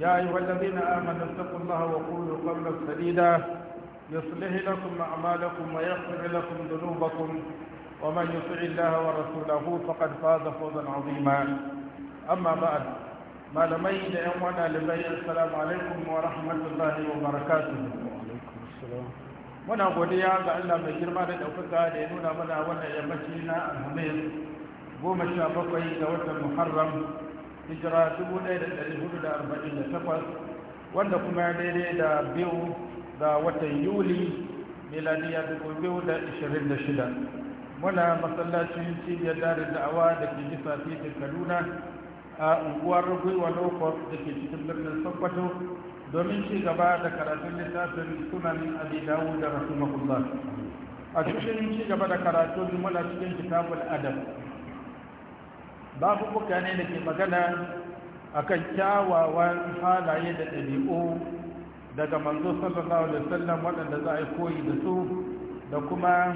يا أيها الذين آمنوا اتقوا الله وقولوا قولا سديدا يصلح لكم أعمالكم ويغفر لكم ذنوبكم ومن يطع الله ورسوله فقد فاز فوزا عظيما أما بعد ما لم يجد يومنا لبيع السلام عليكم ورحمة الله وبركاته وعليكم السلام وانا godiya يا عبد الله girma جرمان الأوفقاء da منا وانا يمشينا wannan yammaci na alhamis المحرم hijira 1448 wanda kuma ya daidai da biyu ga watan yuli miladiya 2026 muna masallacin cibiyar darin da'awa da ke bisa titin kaduna a unguwar gwiwa lokos da ke cikin birnin sokoto domin ci gaba da karatun littafin sunanin abi dawud da rahimahullah a cikin ci gaba da karatun muna cikin kitabul Adam. buka ne da ke magana a kan kyawawan halaye da ɗabi'u daga manzo sallallahu alaihi wasallam waɗanda za a yi koyi da su da kuma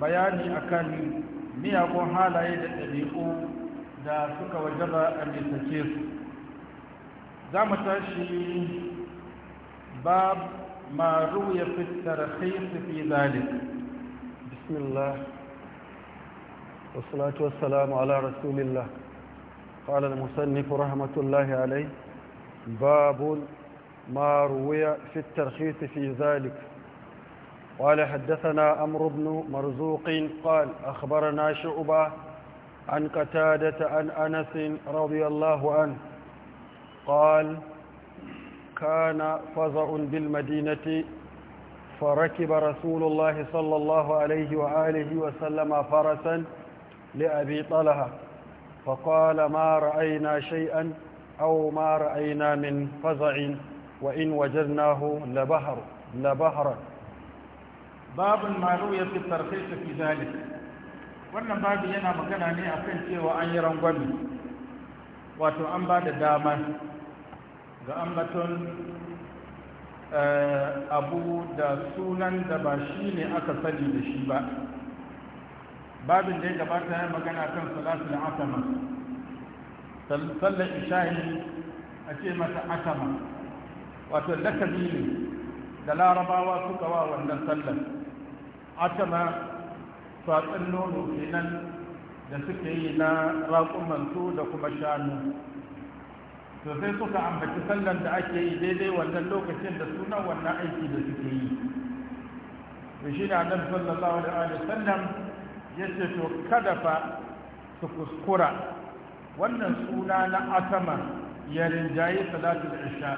bayani a kan miyagun halaye da ɗabi'u da suka wajaba a nisace su za mu tashi bab ma ruya fi tarhis fi zalik bismillah والصلاة والسلام على رسول الله قال المصنف رحمة الله عليه باب ما روي في الترخيص في ذلك قال حدثنا أمر بن مرزوق قال أخبرنا شعبة عن قتادة عن أنس رضي الله عنه قال كان فزع بالمدينة فركب رسول الله صلى الله عليه وآله وسلم فرسا لأبي طلحة فقال ما رأينا شيئا أو ما رأينا من فزع وإن وجدناه لبحر لبهر باب ما روي في الترخيص في ذلك وانا باب ينا مكانا ني أفل شيء وأن يرون قمي واتو أنبا دداما غأنبا آه، أبو دا سولان دباشيني أكثر من أبو babin da ya gabata ya magana kan salatul asama sallar isha'i a ce mata asama wato lakabi ne da larabawa suka wa wannan sallar asama tsatsin nono kenan da suke yi na raƙumansu da kuma shanu to sai suka ambaci sallar da ake yi daidai wannan lokacin da sunan wannan aiki da suke yi to shi ne annabi sallallahu alaihi wasallam ya ce to kada fa su kuskura wannan suna na asama ya rinjaye salatul isha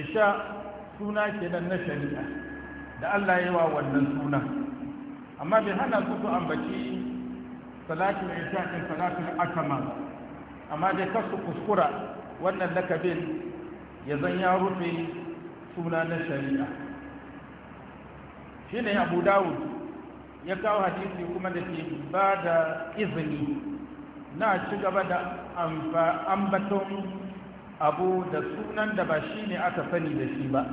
isha suna kenan na shari'a da Allah ya yi wa wannan suna amma bai hana su su ambaci salatul isha din salatul asama amma dai ka su kuskura wannan lakabin ya zan ya rufe suna na shari'a shine abu dawud ya kawo hadisi kuma da ke ba da izini na ci gaba da ambaton abu da sunan da ba shi ne aka sani da shi ba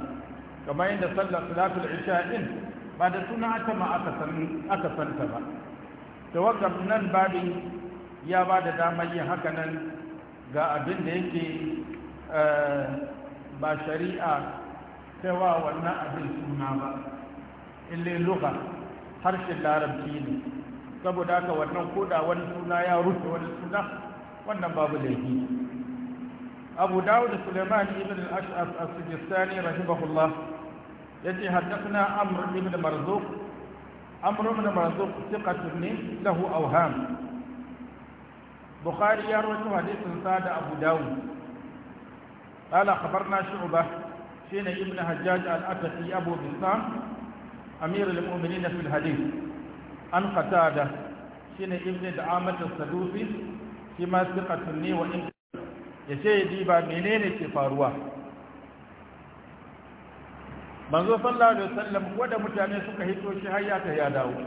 kamar yadda sallar salatul isha'in ba da suna aka ma aka santa ba wakar nan babi ya ba da damar yin haka nan ga abin da yake eh, ba shari'a ta wa wannan abin suna ba ille lugha harshen larabci ne saboda haka wannan koda wani suna ya rufe wani suna wannan babu laifi abu dawud suleiman ibn al-ash'af as-sijistani rahimahullah yace haddathna amr ibn marzuq amr ibn marzuq thiqatun min lahu awham bukhari ya rawaito hadithin sa da abu dawud qala khabarna shu'bah shine ibn hajjaj al-ataki abu bisam amirul mu'minin fil hadith an qatada shine ibn da'amat as-sadusi shi ma thiqatun ne wa in yace diba menene ke faruwa manzo sallallahu alaihi wasallam da mutane suka hito shi har ya ta ya dawo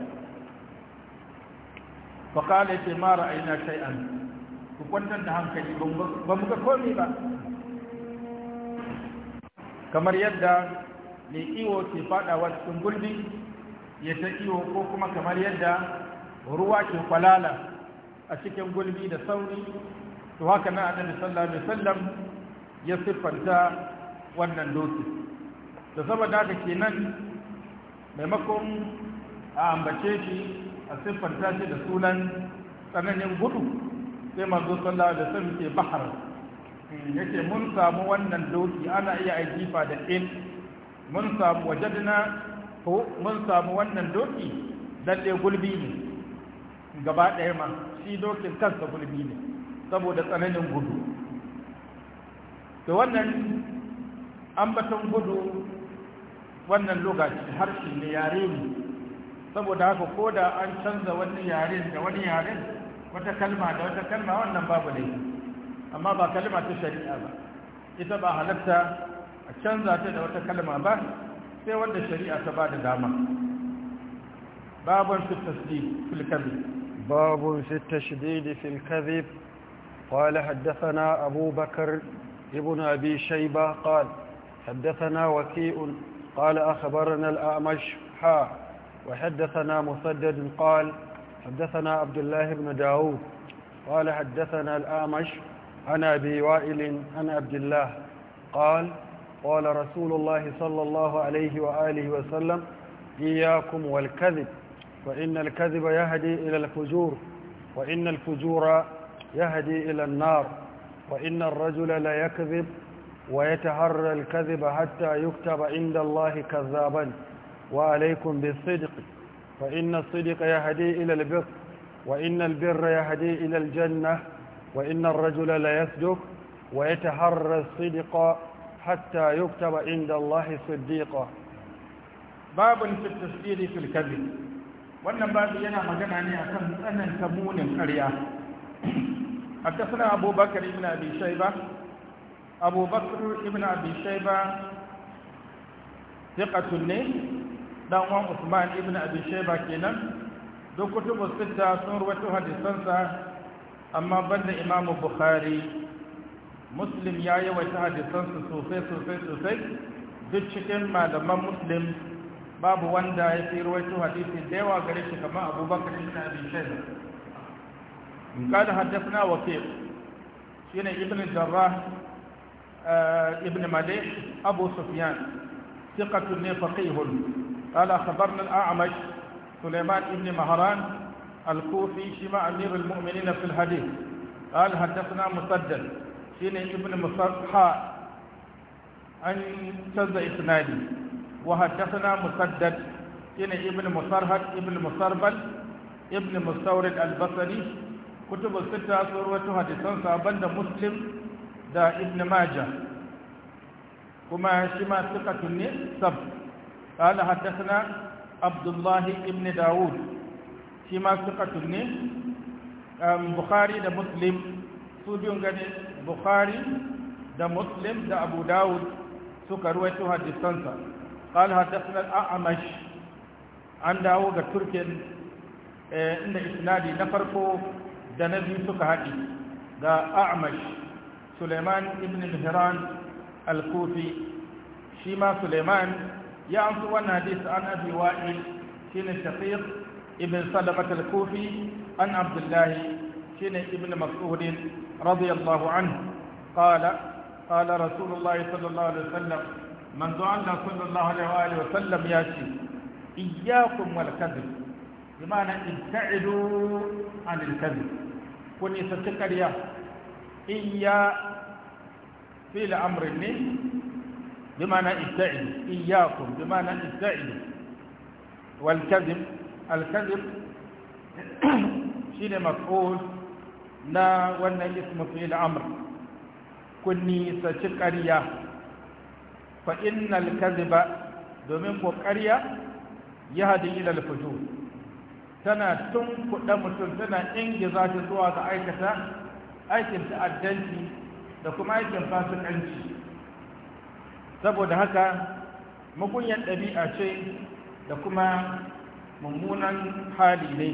fa qala ce ma ra'ayna shay'an ku kwantar da hankali ba mu ga komai ba kamar yadda mai iwo ke fadawa cikin gulbi ya ta iyo ko kuma kamar yadda ruwa ke kwalala a cikin gulbi da sauri to haka na annabi sallallahu alaihi wasallam ya siffanta wannan doki da saboda haka kenan maimakon a ambace shi a siffanta shi da sunan tsananin gudu sai manzo sallallahu alaihi wasallam ke bahar yake mun samu wannan doki ana iya aikifa da in mun samu wajadna ko mun samu wannan doki lalle gulbi ne gaba ɗaya ma shi dokin kansa gulbi ne saboda tsananin gudu to wannan ambaton gudu wannan lokaci shi ne yare ne saboda haka ko da an canza wani yare da wani yare wata kalma da wata kalma wannan babu ne amma ba kalma ta shari'a ba ita ba halatta a canza ta da wata kalma ba sai wanda shari'a ta ba da dama باب في التسديد في الكذب باب في التشديد في الكذب قال حدثنا أبو بكر ابن أبي شيبة قال حدثنا وكيء قال أخبرنا الأعمش حا وحدثنا مسدد قال حدثنا عبد الله بن داود قال حدثنا الأعمش عن أبي وائل عن عبد الله قال قال رسول الله صلى الله عليه وآله وسلم إياكم والكذب فإن الكذب يهدي إلى الفجور وإن الفجور يهدي إلى النار وإن الرجل لا يكذب ويتهرى الكذب حتى يكتب عند الله كذابا وعليكم بالصدق فإن الصدق يهدي إلى البر وإن البر يهدي إلى الجنة وإن الرجل لا يصدق ويتهرى الصدق حتى يكتب عند الله صديقا باب في التفسير في الكذب wannan babu yana magana ne akan tsananta munin ƙarya حدثنا أبو بكر Ibn أبي شيبة أبو بكر Ibn أبي شيبة ثقة ne dan uwan Usman ibn Abi Shayba kenan duk kutubu sita sun rubuta hadisansa amma banda Imam Bukhari muslim ya yawaita hadisansu sosai sosai sosai duk cikin malaman muslim babu wanda ya fi ruwaito hadisi da yawa gare shi kamar abubakar ibn abi shayba in kada haddathna waqi' shine ibn jarrah ibn malih abu sufyan thiqatun ne faqihun qala khabarna al-a'mash سليمان بن مهران الكوفي شمع أمير المؤمنين في الحديث قال حدثنا مسدد shine ibn musafha an canza isnadi wa haddathana musaddad shine ibn musarhad ibn musarbal ibn mustawrid al-basri kutub sita sun rawaito hadisan saban da muslim da ibn majah kuma shi ma thiqatun ne sab qala haddathana Ibn Da'ud? Shi ma فيما ثقة Bukhari da muslim su سوديون غني bukhari da muslim da abu dawud suka ruwaito hadisansa قال حدثنا الأعمش عن داوود تركن إن إسنادي نفرقو دنبي سكهدي دا أعمش سليمان ابن مهران الكوفي شيما سليمان يعرف وانا حديث عن أبي وائل شين الشقيق ابن صدقة الكوفي عن عبد الله شين ابن مسعود رضي الله عنه قال قال رسول الله صلى الله عليه وسلم من دعنا صلى الله عليه وآله وسلم ياتي إياكم والكذب بمعنى ابتعدوا عن الكذب كوني ستكر يا إيا في الأمر النين بمعنى ابتعدوا إياكم بمعنى ابتعدوا والكذب الكذب شيء مفعول na wannan ismu fil amr kun nisaci ƙarya fa innal kadhiba domin ko ƙarya ya hadi ila al tana tun kuɗa mutum tana ingiza ta zuwa ga aikata aikin ta'addanci da kuma aikin fasikanci saboda haka mugunyan ɗabi'a ce da kuma mummunan hali ne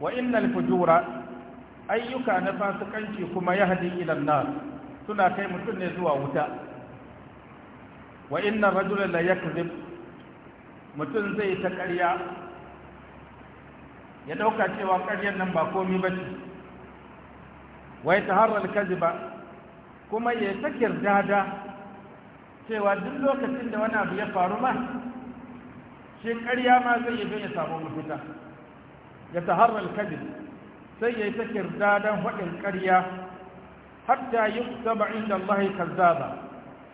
wa innal fujura ayyuka na fasikanci kuma ya hadi ilan nan suna kai mutum ne zuwa wuta wa inna rajulan la yakzib mutum zai ta ƙarya ya ɗauka cewa ƙaryar nan ba komi ba ce wai ta harar kuma ya ta kirdada cewa duk lokacin da wani abu ya faru ma shi ƙarya ma zai yi don ya samu mafita ya ta harar kazi sai ya yi ta don faɗin ƙarya hatta yi zama inda Allah kazzaba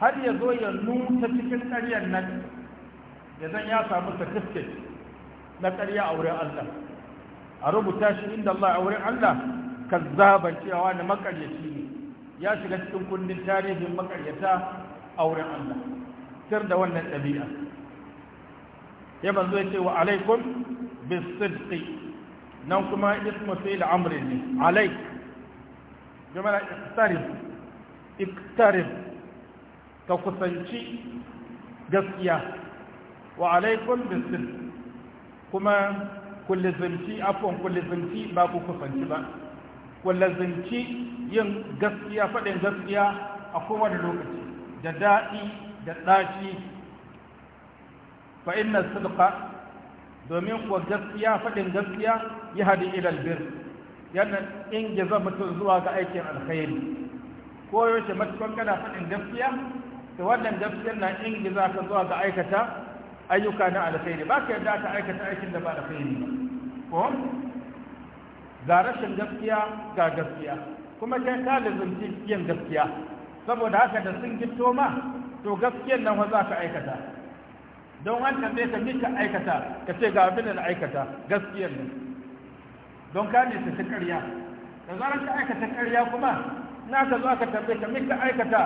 har ya zo ya nuta cikin ƙaryar nan ya zan ya samu certificate na ƙarya a wurin Allah a rubuta shi inda Allah a wurin Allah kazzaban cewa na makaryaci ne ya shiga cikin kundin tarihin makaryata a wurin Allah sir da wannan ɗabi'a ya manzo ya ce wa alaikum bisidqi nan kuma ismu fi'il amrin ne alai jama'a iktarib iktarib ka kusanci gaskiya wa alaikum bisil kuma kulle zunci, afon kullizimci ba ku kusanci ba kullizimci yin gaskiya faɗin gaskiya a kowane lokaci da daɗi da ɗaci fa inna sidqa domin kuwa gaskiya faɗin gaskiya ya hadi ilal bir yana ingiza mutum zuwa ga aikin alkhairi ko yaushe matukan kana faɗin gaskiya to wannan gaskiyar na za ka zuwa ga aikata ayyuka na alkhairi ba ka yarda ka aikata aikin da ba alkhairi ba ko ga rashin gaskiya ga gaskiya kuma kai ka lazumci yin gaskiya saboda haka da sun gito ma to gaskiyar nan wa za ka aikata don an tambaye ka mika aikata ka ce ga abin da na aikata gaskiyar ne don ka ne ta karya da zarar ka aikata karya kuma na ka zo ka tambaye ka mika aikata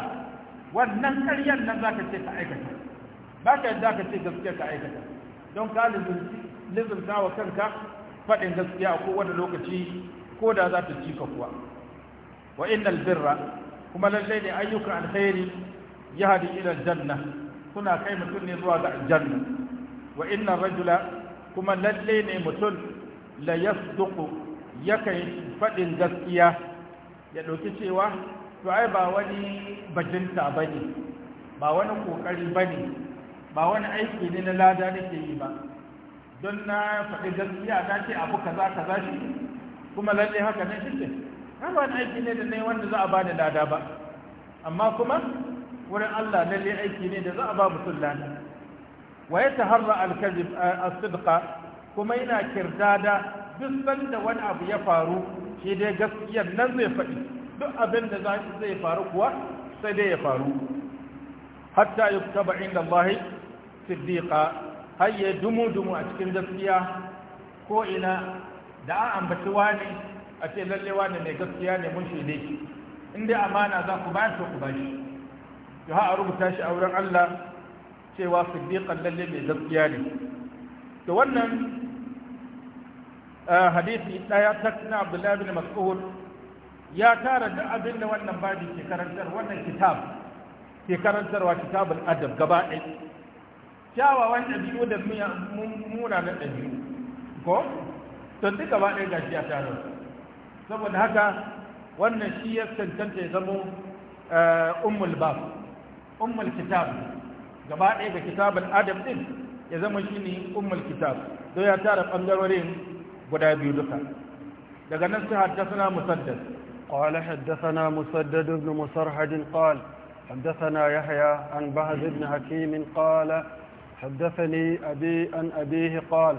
wannan karyar nan za ka ce ka aikata ba ka yadda ka ce gaskiyar ka aikata don ka lizurta wa kanka faɗin gaskiya a kowane lokaci ko da za ta ci ka kuwa wa innal birra kuma lallai ne ayyukan alkhairi yahdi ila janna suna kai mutum ne zuwa ga aljanna wa inna rajula kuma lalle ne mutum la yasduqu yakan fadin gaskiya ya dauki cewa to ai ba wani bajinta bane ba wani kokari bane ba wani aiki ne na lada nake yi ba don na faɗi gaskiya na ce abu kaza kaza shi kuma lalle haka ne shi ne ba wani aiki ne da ne wanda za a bada lada ba amma kuma wurin Allah lalle aiki ne da za a ba mutum lana wa ya taharra alkazib eh, a kuma yana kirdada duk sanda wani abu ya faru shi dai gaskiyar nan zai faɗi duk abin da zai faru kuwa sai dai ya faru hatta yuktaba inda Allah siddiqa har ya dumu dumu a cikin gaskiya ko ina da an ambaci wani a ce lalle wani mai gaskiya ne mun shi ne in dai amana za ku ba ku ba shi to ha a rubuta shi a wurin Allah cewa siddiqan lalle mai gaskiya ne to wannan eh, hadisi daya ta na Abdullah bin Mas'ud ya tara da abin da wannan babi ke karantar wannan kitab ke karantarwa kitabul adab gaba ɗaya kyawawan ɗabi'u da munanan ɗabi'u ko to duk gaba ɗaya gashi ya tara saboda haka wannan shi ya cancanta ya zamo eh, ummul bab ummul kitab gaba ɗaya ga kitabul adam din ya zama shine ummul kitab don ya tara bangarorin guda biyu duka daga nan sai haddathana musaddad qala haddathana musaddad ibn musarhad qala حدثنا يحيى عن بهز بن حكيم قال حدثني أبي عن أبيه قال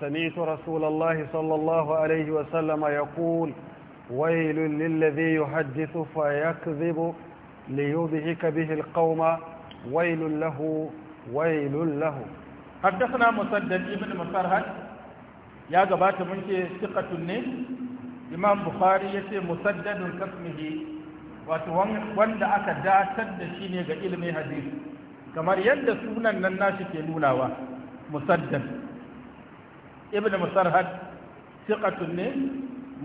سمعت رسول الله صلى الله عليه وسلم يقول ويل للذي يحدث فيكذب ليضحك به القوم ويل له ويل له حدثنا مسدد ابن مسرهد يا جبات منك ثقة imam bukhari ya ce musaddadun kasmihi wato wanda aka datar da shi ne ga ilimi hadisi kamar yadda sunan nan nashi ke nunawa musaddad ibn musarhad siqatun ne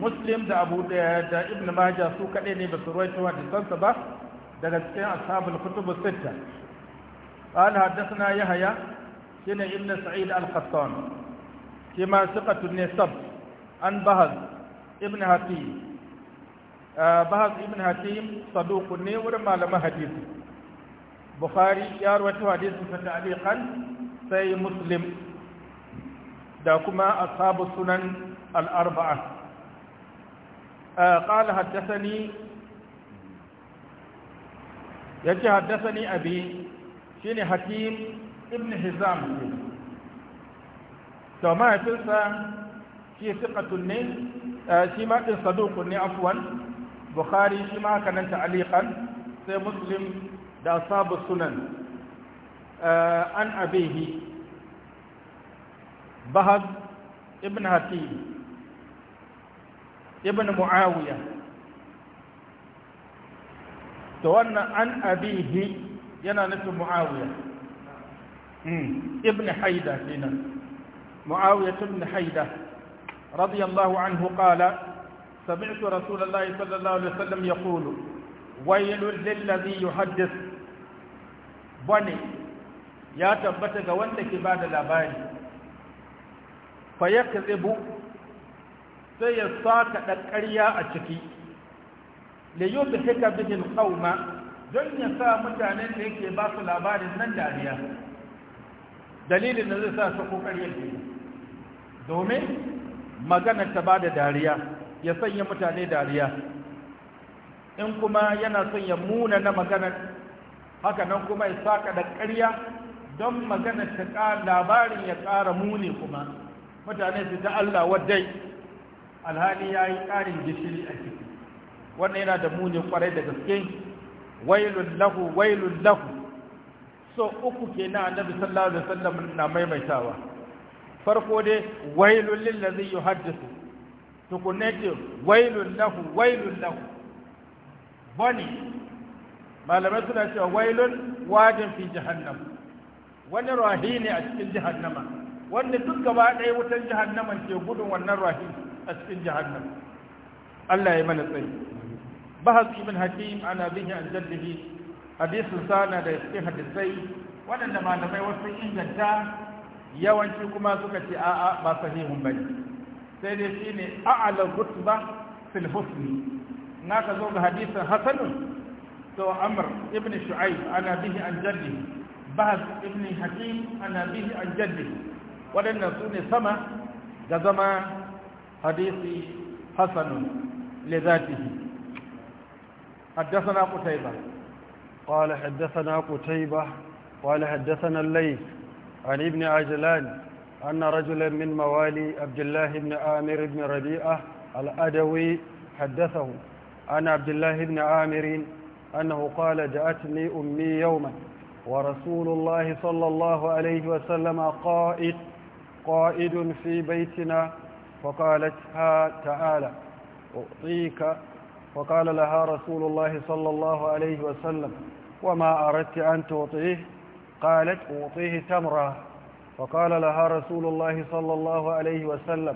muslim da abu da ibn majah su kaɗai ne ba su ruwaito ba daga cikin ashabul kutub sitta قال حدثنا يحيى سنة ابن سعيد القطان كما ثقة النسب عن بهز ابن حكيم بهز ابن حكيم صدوق نور معلم حديث بخاري يا رواه حديث تعليقا سي مسلم da kuma ashabu sunan al'arba'a. قال حدثني ya haddasani haddasa ni abi Hatim, hakim ibn hizam ne mahaifinsa shi siƙatun ne eh, shi ma ne afuwan bukhari shi ma haka nan sai muslim da sabu sunan eh, an abihi bahab ibn hatim ibn muawiya to wannan an abihi yana nufin mu'awiya hmm. ibn haida kenan mu'awiya ibn haida radiyallahu anhu qala سمعت رسول الله صلى الله عليه وسلم يقول ويل للذي يحدث بني يا تبتك وانتك بعد الأباني فيكذب sai ya saka da ƙarya a ciki da yau da don ya sa mutanen da yake ba su labarin nan dariya dalilin da zai sa su kokari yake domin magana ta ba da dariya ya sanya mutane dariya in kuma yana son ya muna na maganar haka nan kuma ya saka da ƙarya don maganar ta ƙara labarin ya ƙara muni kuma mutane su ta Allah wadai alhali ya yi ƙarin gishiri a ciki wannan yana da muni kwarai da gaske wailun lahu wailun lahu so uku kenan annabi sallallahu alaihi wasallam na maimaitawa farko dai wailun lil ladhi yuhaddisu tukunne ce wailun lahu wailun lahu bani malamai suna cewa wailun wajen fi jahannam wani rahi ne a cikin jahannama wanda duk gaba ɗaya wutar jahannaman ke gudun wannan rahi a cikin jahannam Allah ya mana tsayi bahas ibn hakim ana bihi an jaddihi hadisin sana da cikin hadisai waɗanda malamai wasu inganta yawanci kuma suka ce a'a ba sahihun bane sai dai shine a'la rutba fil husni naka zo ga hadisin hasanun to amr ibn shu'aib ana bihi an jaddihi bahas ibn hakim ana bihi an jaddihi waɗannan sune sama ga zama hadisi hasanun li zatihi حدثنا قتيبة قال حدثنا قتيبة قال حدثنا الليث عن ابن عجلان أن رجلا من موالي عبد الله بن عامر بن ربيعة الأدوي حدثه عن عبد الله بن عامر أنه قال جاءتني أمي يوما ورسول الله صلى الله عليه وسلم قائد قائد في بيتنا فقالت ها تعالى أعطيك وقال لها رسول الله صلى الله عليه وسلم وما أردت أن توطيه قالت أوطيه تمرة وقال لها رسول الله صلى الله عليه وسلم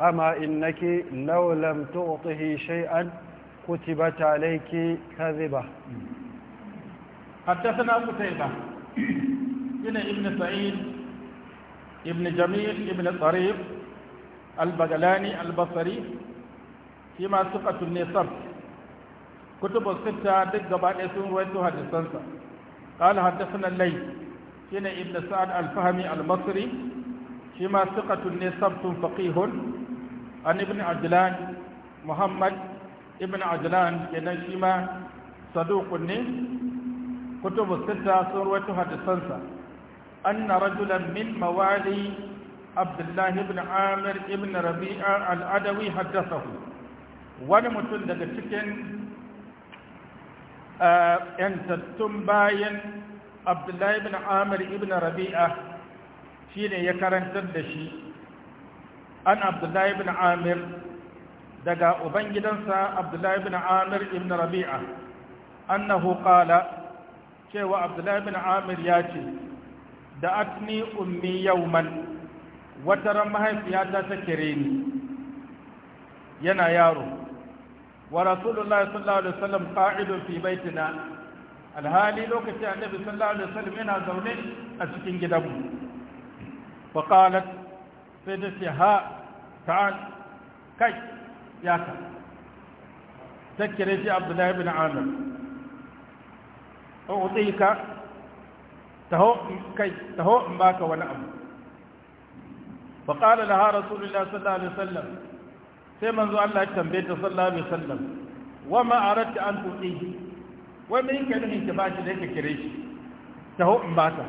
أما إنك لو لم تعطه شيئا كتبت عليك كذبة حدثنا قتيبة من ابن سعيد ابن جميل ابن طريف البغلاني البصري shi ma suƙatun ne sab Kutubun sita duk gaba ɗaya sun ruwaito hadisansa qala haddathana lai? Shi ne ibn sa'ad al-fahmi al-masri shi ma thiqatun ne tun faqihun an ibn ajlan muhammad ibn ajlan kenan shi ma saduqun ne kutubu sita sun ruwaito hadisansa anna rajulan min mawali عبد الله بن عامر بن ربيعة العدوي حدثه wani mutum daga cikin uh, ‘yantattun bayan abdullahi ibn amir ibn rabi'a shi ne ya karantar da shi an abdullahi ibn amir daga ubangidansa abdullahi ibn amir ibn rabi'a annahu qala cewa abdullahi ibn amir ya ce da atni ummi yauman wataran mahaifiyata ta kire ni yana yaro wa rasulullahi sallallahu alaihi wasallam qa'idun fi alhali lokaci annabi sallallahu alaihi wasallam yana zaune a cikin gidanmu fa sai ta ce ha ta'al kai ya ka kire shi abdullahi bin amir a utsika taho taho in baka wani abu fa qala sai manzo Allah ya tambaye ta sallallahu alaihi wasallam wa ma aradta an tuqihi wai me yake nufin ki bashi da yake kire shi ta ho in bata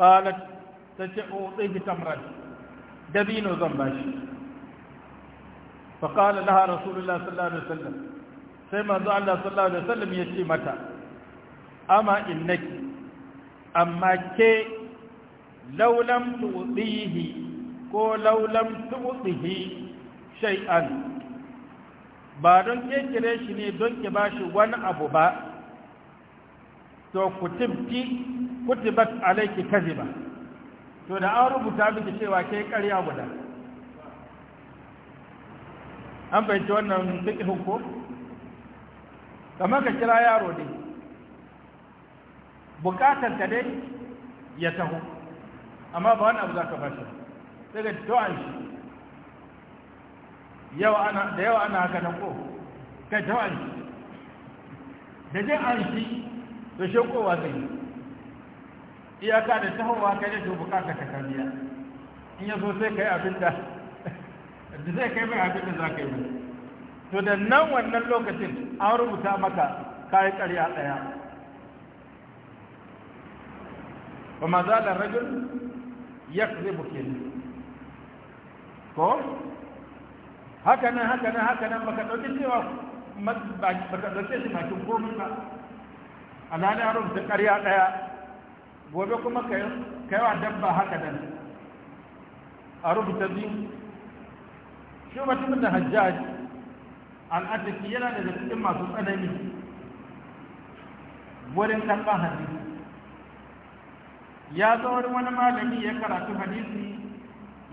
qalat tace utihi tamran dabino zan bashi fa qala laha rasulullah sallallahu alaihi wasallam sai manzo Allah sallallahu alaihi wasallam ya ce mata amma innaki amma ke laulam tuqihi ko laulam tuqihi shay'an ba don kekire shi ne don ki ba shi wani abu ba to kutubti kutubat alayki kaziba to da an rubuta miki cewa kai ƙarya guda an fahimci wannan fiqhin ko kamar ka kira yaro ne bukatar ka dai ya taho amma ba wani abu za ka bashi daga an shi da yawa ana haka nan ko kai ta wani da jin an shi da shekowa zai yi iyaka da tahowa kai da to bukata ka kariya in ya so sai kai abin da da zai kai mai abin da za ka yi mai to da nan wannan lokacin an rubuta maka kayi ƙarya kuma za da rajul ya zai buke ko haka nan haka nan haka nan baka dauki cewa baka ɗauke shi bakin komai ba alhali an rubuta ƙarya daya gobe kuma kai yi wa dabba haka nan a rubuta biyu shi mutum da hajjaji al'adaki yana da cikin masu tsanani wurin karɓar hadisi ya zo wani malami ya karatu hadisi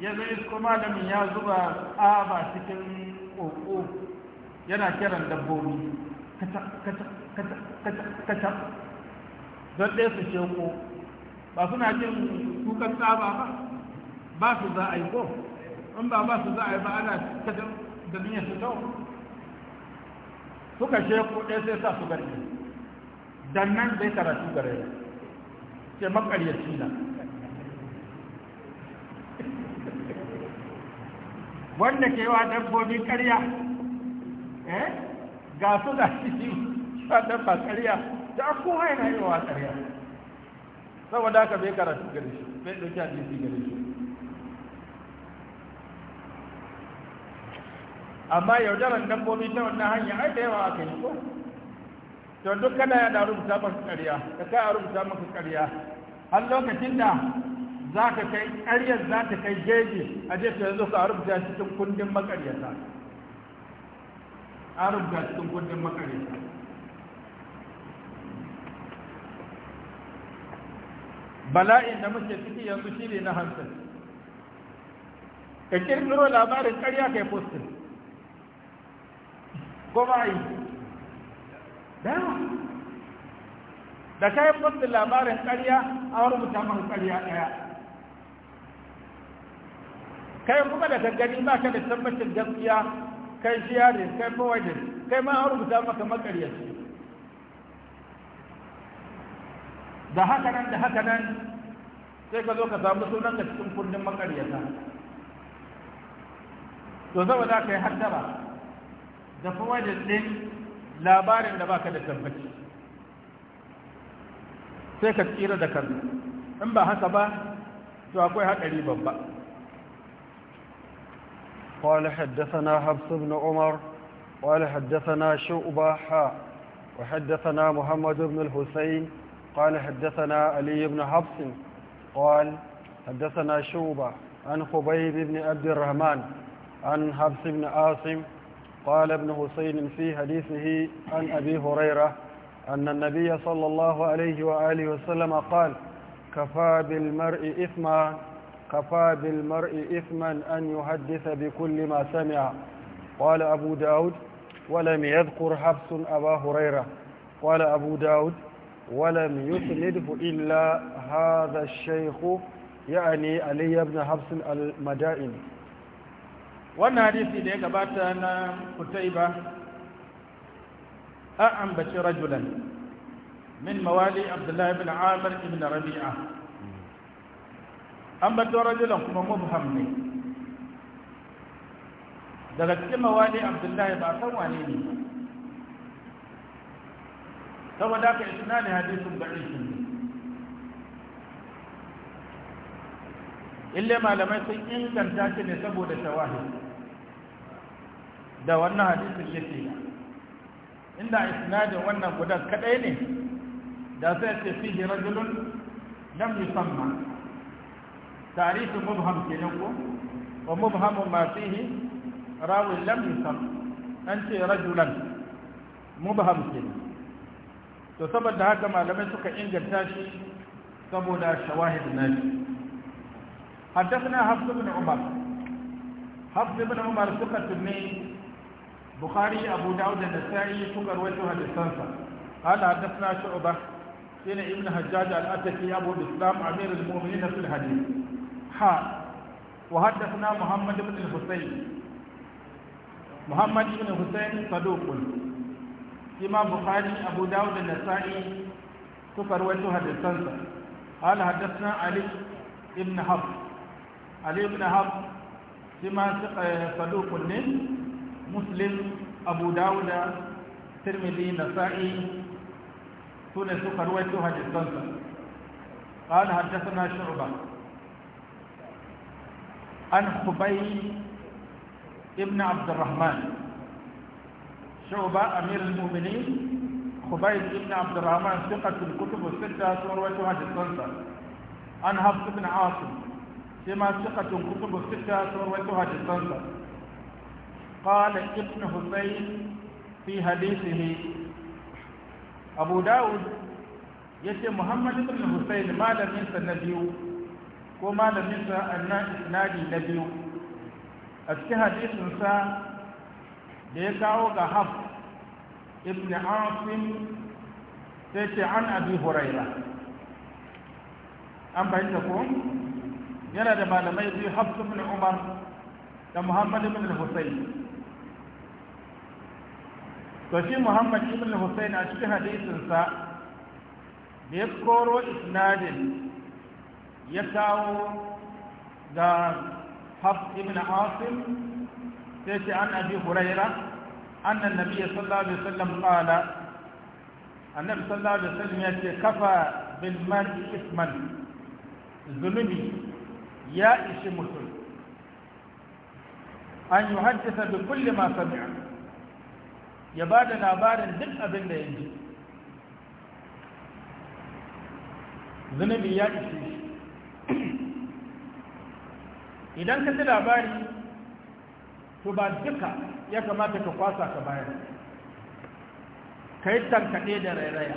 ya zo isko malamin ya zuba tsaba cikin ƙoƙo yana kiran dabbobi kaca don ɗaya su sheko ba suna jin kukan tsaba ba ba su za a yi ko in ba ba su za a yi ba ana kaca da niyyar su tau suka sheko ɗaya sai sa su gari dan nan zai karatu gare ce makaryaci na wanda ke wa dabbobi karya eh ga su da shi ba dabba karya da kowa yana yi wa karya saboda ka bai karatu gare shi bai a hadisi gare shi amma yaudaran dabbobi ta wannan hanya ai da yawa aka yi ko to duk kana yana rubuta maka kariya, ka kai a rubuta maka kariya, har lokacin da za ka kai ƙaryar za ta kai jeji a jefe yanzu su a rubuta cikin kundin makaryata a rubuta cikin kundin makaryata bala'in da muke ciki yanzu shi ne na hantar ka kirkiro labarin ƙarya kai postin goma yi da kayan postin labarin ƙarya an rubuta man ƙarya ɗaya kai kuma da gangani ba ka da tabbacin gaskiya kai shiya kai mawadin kai ma an rubuta maka makaryaci da haka nan da haka nan sai ka zo ka samu sunan ka cikin kundin ta to zama za ka yi haddara da mawadin ɗin labarin da baka da tabbaci sai ka tsira da kanka in ba haka ba to akwai haɗari babba قال حدثنا حفص بن عمر قال حدثنا شعبة حا وحدثنا محمد بن الحسين قال حدثنا علي بن حفص قال حدثنا شوبة عن خبيب بن عبد الرحمن عن حفص بن عاصم قال ابن حسين في حديثه عن أبي هريرة أن النبي صلى الله عليه وآله وسلم قال كفى بالمرء إثما كفى بالمرء إثما أن يحدث بكل ما سمع قال أبو داود ولم يذكر حفص أبا هريرة قال أبو داود ولم يسنده إلا هذا الشيخ يعني علي بن حفص المدائن wannan hadisi da ya gabata na kutaiba an ambaci rajulan min mawali abdullahi bin amir ibn rabi'a an bato rajulan kuma mubham ne daga cikin mawali abdullahi ba san wane ne saboda ka isna ne hadisin shi ne Illai malamai sun inganta shi ne saboda shawahi da wannan hadisin yake inda isnadin wannan gudan kadai ne da sai ce fihi rajulun lam yusamma تعريف مبهم في ومبهم ما فيه راوي لم يسم أنت رجلا مبهم كده تصبت لها كما لم يسك إن جبتاشي تبولا شواهد ناجي حدثنا حفظ بن عمر حفظ بن عمر سكة مني بخاري أبو داود النسائي سكة رويته للسنسة قال حدثنا شعبة سين ابن حجاج الأتكي أبو الإسلام أمير المؤمنين في الحديث حال وحدثنا محمد بن الحسين محمد بن الحسين صدوق إمام بخاري أبو داود النسائي سفر وجه السنسة قال حدثنا علي بن حفص علي بن حفص كما آه، صدوق مسلم أبو داود الترمذي النسائي سنة سفر وجه السنسة قال حدثنا شعبة عن خبيب ابن عبد الرحمن شعبة أمير المؤمنين خبيب ابن عبد الرحمن ثقة الكتب الستة ثروتها جسنسة عن حفص بن عاصم سما ثقة الكتب الستة ثروتها جسنسة قال ابن حسين في حديثه أبو داود يتي محمد بن حسين ما لم ينسى النبي ko malaminsa annan isnadi na biyu a cikin hadisinsa da ya kawo ga haf ibn asim sai ce an abi huraira an bayyana ko yana da malamai biyu hafsu ibn umar da muhammad ibn al-husayn to shi muhammad ibn al-husayn a cikin hadisinsa da ya koro isnadin يساو دا da ابن عاصم تيسي عن أبي هريرة أن النبي صلى الله عليه وسلم قال النبي صلى الله عليه وسلم يأتي كفى بالمرء إثما ظلمي يا إشمت أن يحدث بكل ما سمع يبادى لابار دق أبن يجي ذنبي يا إشمت idan ka ji labari to ba duka ya kamata ka kwasa ka bayar ka yi tankaɗe da rairaya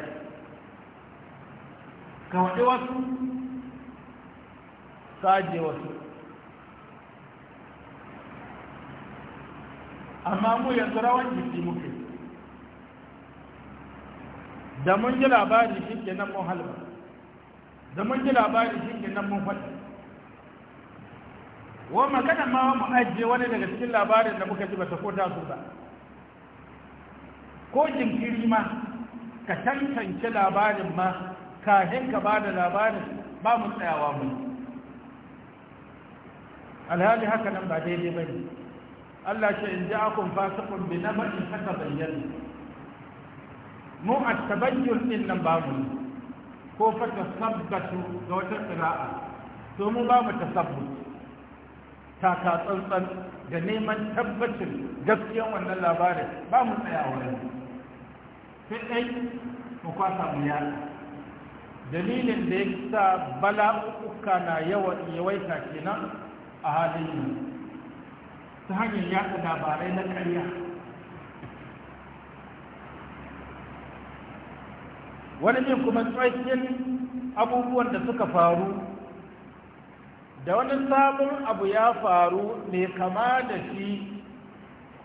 ka waɗi wasu ka je wasu amma mu yanzu rawan jiki muke da mun ji labari shi ke nan mun halba da mun ji labari shi ke nan mun faɗi wa magana ma mu ajiye wani daga cikin labarin da muka ji bata ko taso ba ko jinkiri ma ka tantance labarin ma kahin ka ba da labarin ba mu tsayawa mu alhali haka nan ba daidai ba ne Allah ce in ji akun fasikun bi na baɗin haka bayyana mu a tabayyun nan ba mu ne ko fa tasabbatu ga wata qira'a to mu ba mu tasabbut taka tsantsan da neman tabbacin gaskiyan wannan labarin ba mu tsaya wurin sai dai mu kwasa mu ya dalilin da ya sa bala'uka na yawaita kenan a halin ta hanyar yaɗa labarai na ƙarya wani ne kuma tsakin abubuwan da suka faru da wani sabon abu ya faru mai kama da shi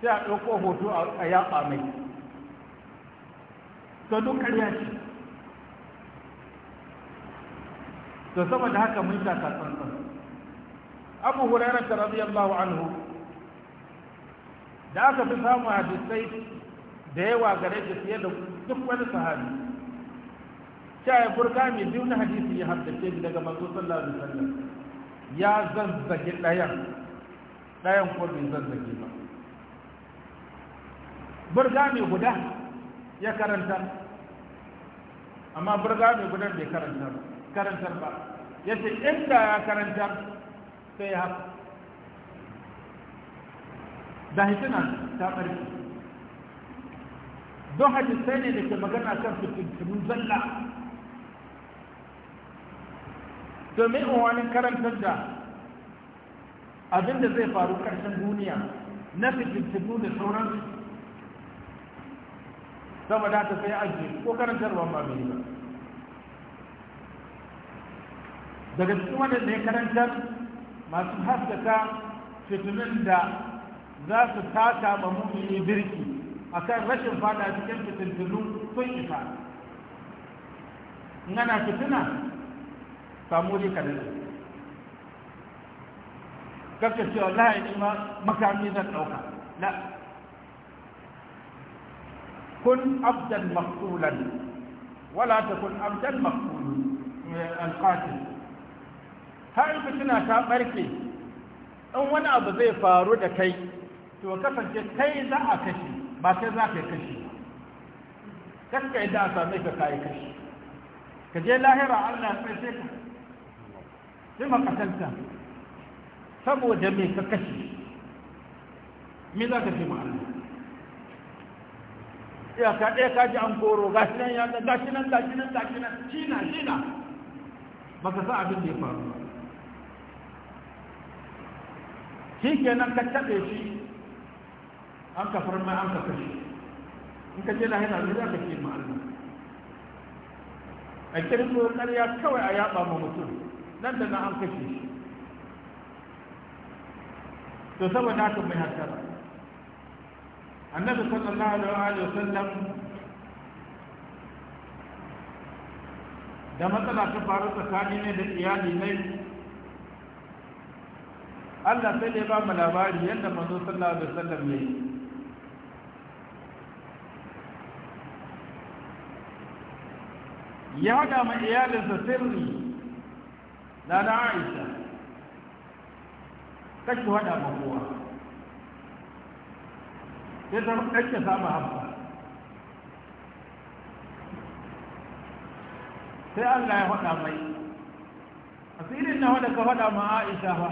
sai a ɗauko hoto a ya mai to duk ƙarya ce to saboda haka mun sha tsantsan abu hurairar ta radiyallahu anhu da aka fi samun hadisai da yawa gare shi fiye da duk wani sahabi cewa furka mai biyu na hadisi ya haddace shi daga manzo sallallahu alaihi wasallam ya zazzage ɗayan ɗayan ko bai zazzage ba burga mai guda ya karanta amma burga mai guda bai karanta ba karantar ba ya ce inda ya karanta sai haka da hituna ta ɓarki don hadisai ne da ke magana kan fitilun zalla domin wani karantar da abinda zai faru ƙarshen duniya na fitintunu da sama saboda ta sai aji ko karantar ba mai ba daga cikin waɗanda ne karantar masu haskaka fitinin da za su taka ma mummuni birki a kan rashin fada cikin fitintunu sun isa ngana fitina samu ne ka dade kakka cewa lahayi ne ma makami zan ɗauka la kun abdan maqtulan wala takun abdan maqtul eh, alqatil har fitina ta barke in wani abu zai faru da kai to kasance kai za a kashe ba sai za ka yi kashe kakka yadda a same ka kai kashe ka je lahira Allah ya tsaye ka lima qatalta saboda me ka kashe me za ka ce ma Allah ya ka ɗaya ka ji an koro gashi nan ya ga, gashi nan gashi nan gashi nan shi na shi na ba ka sa abin da ya faru ba shi kenan ka taɓe shi an ka farma an ka kashe in ka je na ne za ka ce ma Allah a kirkiro ƙarya kawai a yaɓa ma mutum nan da na an kashe shi to saboda haka mai hasara annabi sallallahu alaihi sallam. da matsala ta faru tsakani ne da iyali ne Allah sai ne ba mu labari yadda manzo sallallahu alaihi wasallam ne ya mai iyalin iyalinsa sirri na na aisha kashi wada makowa sai zama kashi samu hafsa sai allah ya wada mai a asirin na wada ka wada ma aisha ba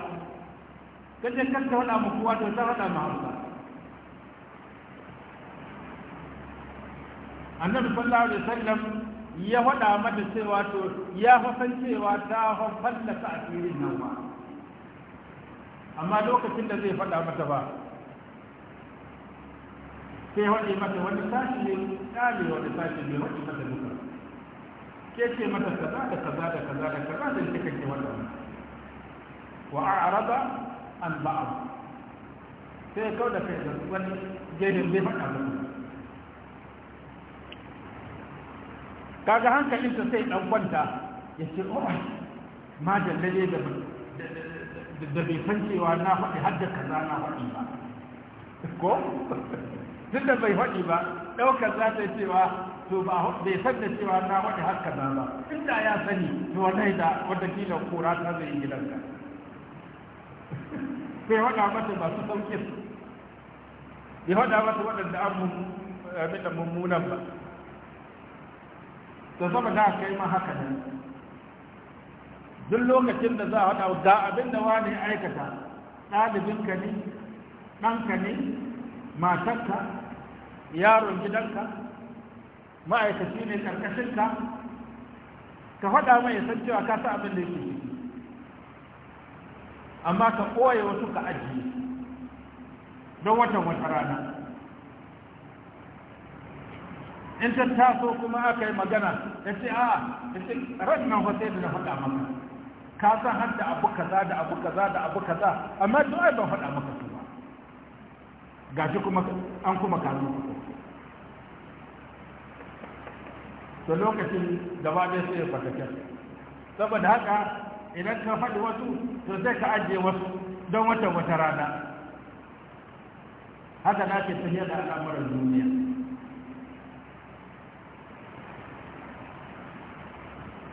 kashi kashi wada makowa to ta wada ma hafsa annabi sallallahu alaihi wasallam ya faɗa mata cewa to ya fasan cewa ta ta asirin nan ma amma lokacin da zai faɗa mata ba sai wani mata wani sashi ne ƙare wani sashi ne wani mata duka ke ce mata kaza da kaza da kaza da kaza da kika ke wannan wa araba an ba'a sai kawai da kai da wani gehen zai faɗa mata kaga hankalinsa sai dan kwanta ya ce oh ma dallale da da bai san cewa na faɗi hadda kaza na faɗi ba ko duk da bai faɗi ba ɗaukar za ta cewa to ba bai san da cewa na faɗi har kaza ba inda ya sani to wallahi da wata kila kura ta zai gidanka sai faɗa mata ba su sauƙin ya faɗa mata waɗanda an mummunan ba to saboda kai ma haka ne duk lokacin da za a hada ga abin da wani aikata ɗalibinka ne ɗanka ne matarka yaron gidanka ma'aikaci ne ƙarƙashinka ka faɗa mai san cewa ka sa abin da yake amma ka ɓoye wasu ka ajiye don wata wata rana in ta taso kuma aka yi magana ya ce a ya ce rashin fasai da na faɗa maka ka san har da abu kaza da abu kaza da abu kaza amma duk ai ban faɗa maka su ba gashi kuma an kuma kazo to lokacin gaba ɗaya sai ya fatake saboda haka idan ka faɗi wasu to sai ka ajiye wasu don wata wata rana haka na ke tafiya da al'amuran duniya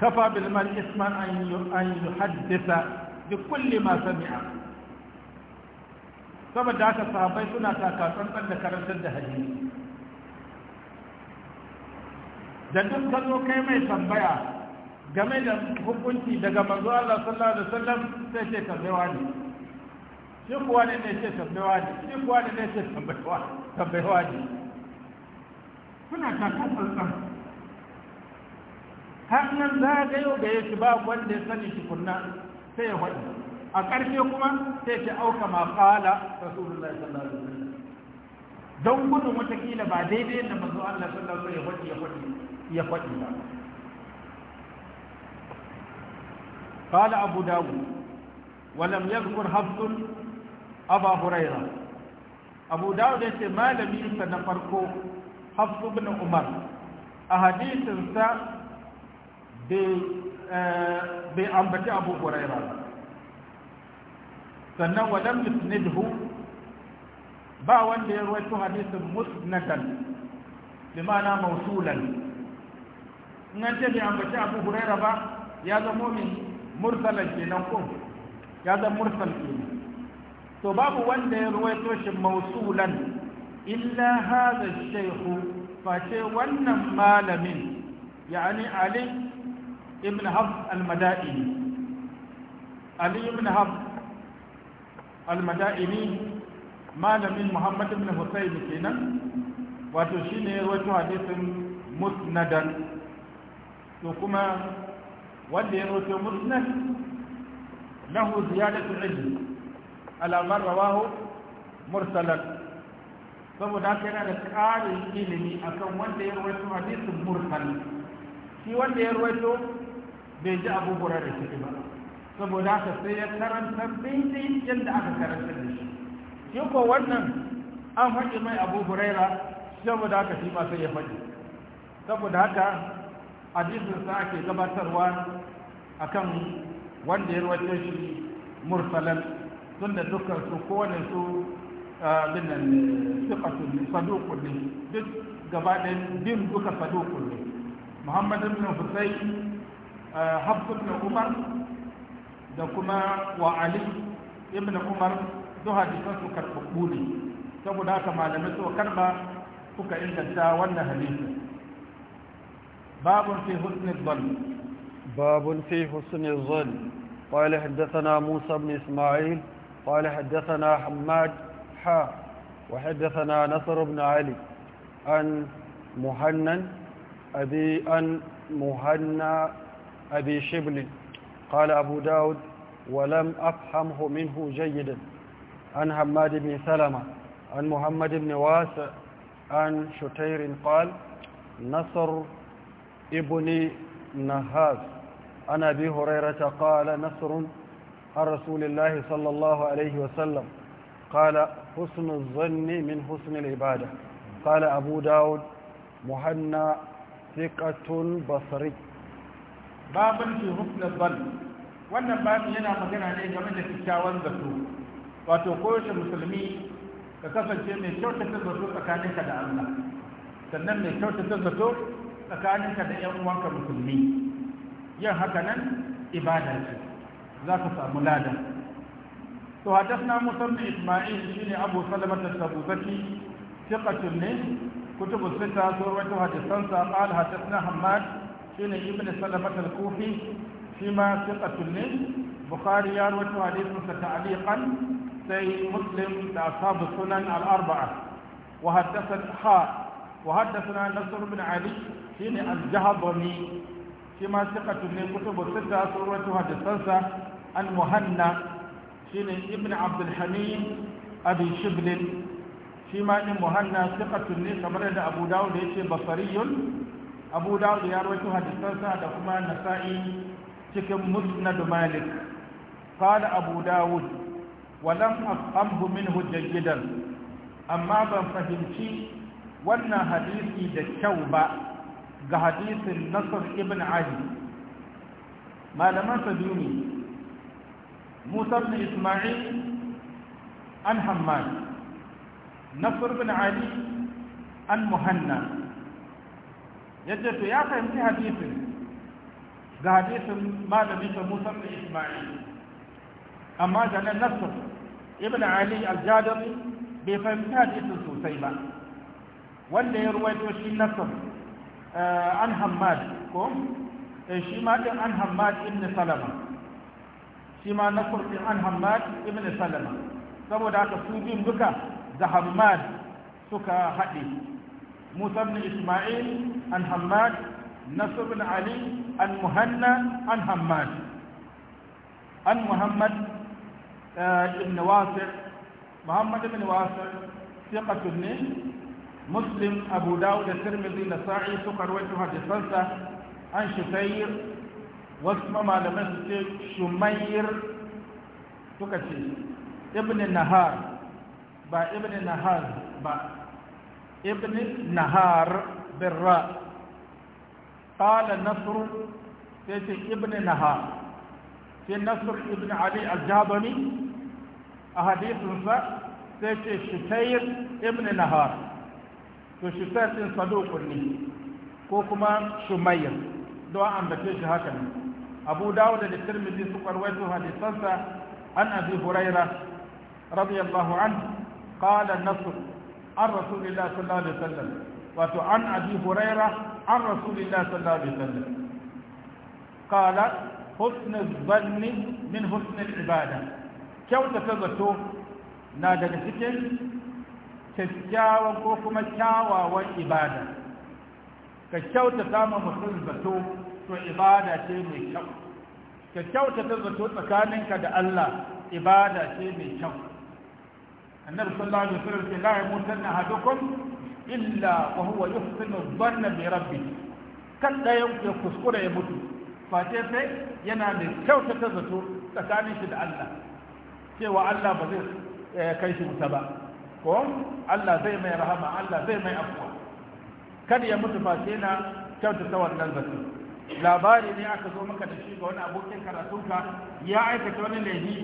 kafa bil man isman an yuhaddisa bi kulli ma sami'a saboda haka sahabbai suna takatsantsan da karantar da hadisi da duk ka kai mai tambaya game da hukunci daga manzo Allah sallallahu alaihi wasallam sai ce tambayawa ne shi kuwa ne ne ce tambayawa ne shi kuwa ne ne ce tambayawa tambayawa ne suna takatsantsan har nan zagayo ga ya shi ba wanda ya sani shi kunna sai ya faɗi a ƙarfe kuma sai ta auka maƙala, ƙala rasulullah sallallahu don gudun watakila ba daidai da manzo Allah sallallahu alaihi ya faɗi ya faɗi ba قال أبو داود ولم يذكر حفظ أبا هريرة أبو داود يقول ما لم يسن Eh, bai ambaci abu huraira ba sannan wadan yusnidhu ba wanda ya rawaito hadisun musnadan bi ma'ana mausulan in an ce bai ambaci abu huraira ba ya zama min mursalan kenan ko ya zama mursal kenan to babu wanda ya rawaito shi mausulan illa hadha shaykhu fa ce wannan malamin yani ali ibn haf al-mada'ini ali ibn haf al-mada'ini malamin muhammad ibn husayn kenan wato shine ya rawaito hadisin musnadan to kuma wanda ya rawaito musnad lahu ziyadatu ilmi ala man rawahu mursalan saboda haka yana da ƙarin ilimi akan wanda ya rawaito hadisin mursal shi wanda ya rawaito bai ji abu da shi ba saboda haka sai ya karanta daidai yadda aka karanta da shi shi ko wannan an faɗi mai abu huraira saboda haka shi ma sai ya faɗi saboda haka hadisin sa ake gabatarwa akan wanda ya rawace shi mursalan tunda dukkan su kowane su binnan sifatun ne sadukun duk gaba bin duka sadukun ne muhammadu ibn hafsun na umar da kuma wa ali ibn umar duha jikin su karɓaɓɓu ne saboda haka malamai suka karɓa suka inganta wannan hadisi babun fi husnul zanni babun fi husnul zanni قال حدثنا موسى بن إسماعيل قال حدثنا حماد حا وحدثنا نصر بن علي عن مهنن أبي أن مهنا أبي شبل قال أبو داود ولم أفهمه منه جيدا عن حماد بن سلمة عن محمد بن واسع عن شتير قال نصر ابن نهاز عن أبي هريرة قال نصر عن رسول الله صلى الله عليه وسلم قال حسن الظن من حسن العبادة قال أبو داود مهنا ثقة بصري babin fi husnul zan wannan babin yana magana ne game da kyakkyawan zato wato koyaushe musulmi ka kasance mai kyautata zato tsakaninka da Allah sannan mai kyautata zato tsakaninka da 'yan uwanka musulmi yin haka nan ibada ce za ka samu lada to hadasna musamman isma'il shine abu salama tasabuzati ثقة منه كتب الستة سورة حديثان قال حدثنا حماد shine ibn salamat al-kufi shi ma siqatun ne bukhari ya rawaito hadisin sa ta'liqan sai muslim da sabu sunan al-arba'a wa haddathan ha wa haddathana nasr ibn ali shine al-jahdami shi ma siqatun ne kutubu sita sun rawaito hadisan sa an muhanna shine ibn abd al-hamid abi shiblin shi ma ɗin muhanna siƙatun ne kamar yadda abu dawud ya ce basariyun abu dawud ya rawaito hadisansa da kuma nasa'i cikin musnad malik qala abu dawud wa lam afhamhu minhu amma ban fahimci wannan hadisi da kyau ba ga hadisin nasr ibn ali malaman saduni musa ibn isma'il an hamman nasr ibn ali an muhanna Yadda to ya fahimci hadisin ga hadisin malami da musa da ismail amma da nan nasir ibn ali al-jadari bai fahimci hadisin sosai ba wanda ya ruwaito shi nasir eh, an hammad ko eh, shi ma din an hammad ibn salama shi ma nasir din an hammad ibn salama saboda haka su biyun duka da hammad suka haɗe موسى بن إسماعيل عن حماد نصر بن علي عن مهنا عن حماد عن محمد آه، بن واسع محمد بن واسع ثقة مسلم أبو داود الترمذي النسائي سكر هذه جسنسة عن شتير واسم ما لم شمير تكتي ابن النهار با ابن النهار با ابن نهار بالراء قال نصر ابن نهار في نصر ابن علي الجابني أحاديث سيتي شتير ابن نهار وشتير صدوق لي كوكما شمير دعاء بكيش هكذا أبو داود الترمذي سكر ويته حديثا عن أبي هريرة رضي الله عنه قال نصر an rasulillah sallallahu alaihi wasallam wato an abi huraira an rasulillah sallallahu alaihi wasallam qala husnu dhanni min husni al-ibada kyautata zato na daga cikin kyakkyawan ko kuma kyawawan ibada ka kyauta ma mutum zato to ibada ce mai kyau ka kyautata zato tsakaninka da Allah ibada ce mai kyau annabi sallallahu alaihi wasallam ce la yamutanna ahadukum illa wa huwa yuhsinu dhanna bi rabbih kan dayan ya kuskura ya mutu face sai yana da kyautata zato tsakanin shi da Allah cewa Allah ba zai kai shi wuta ba ko Allah zai mai rahama Allah zai mai kada ya mutu face kyautata wannan zato labari ne aka zo maka da shi ga wani abokin karatunka ya aikata wani laifi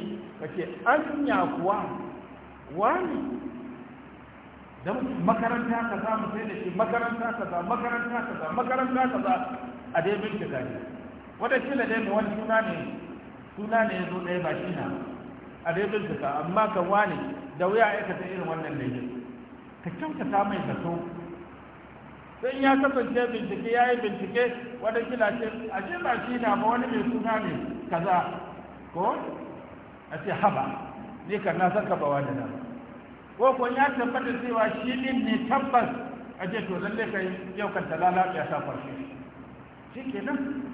kace anya kuwa wani don makaranta ka za mu sai da shi makaranta ka za makaranta ka za makaranta ka za a dai ka ne wata da dai wani suna ne suna ne ya zo ɗaya ba shi na a dai ka amma ka wani da wuya aikata irin wannan ne ka kyautata mai zato sai ya kasance bincike ya yi bincike wata kila ce a ce ba shi na ba wani mai suna ne kaza ko a ce haba ni ka na san ka ba wani na ko ko ya tabbata cewa shi din ne tabbas a je to lalle kai yau kan ta lalace ta farshe shi nan